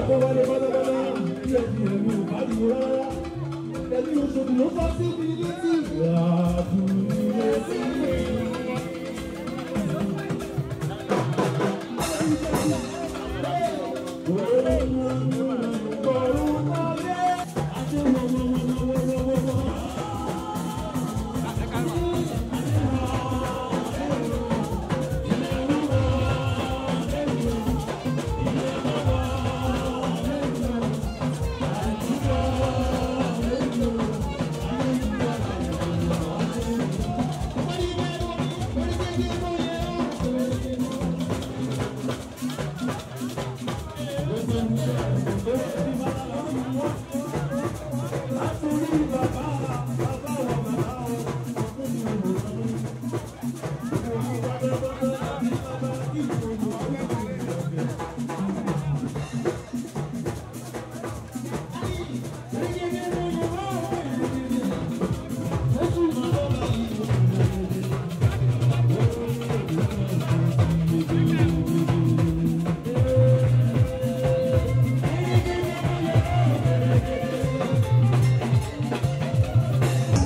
ẹgbẹ́ wọlé bọ́dọ́bọ́dọ́ bí ẹbí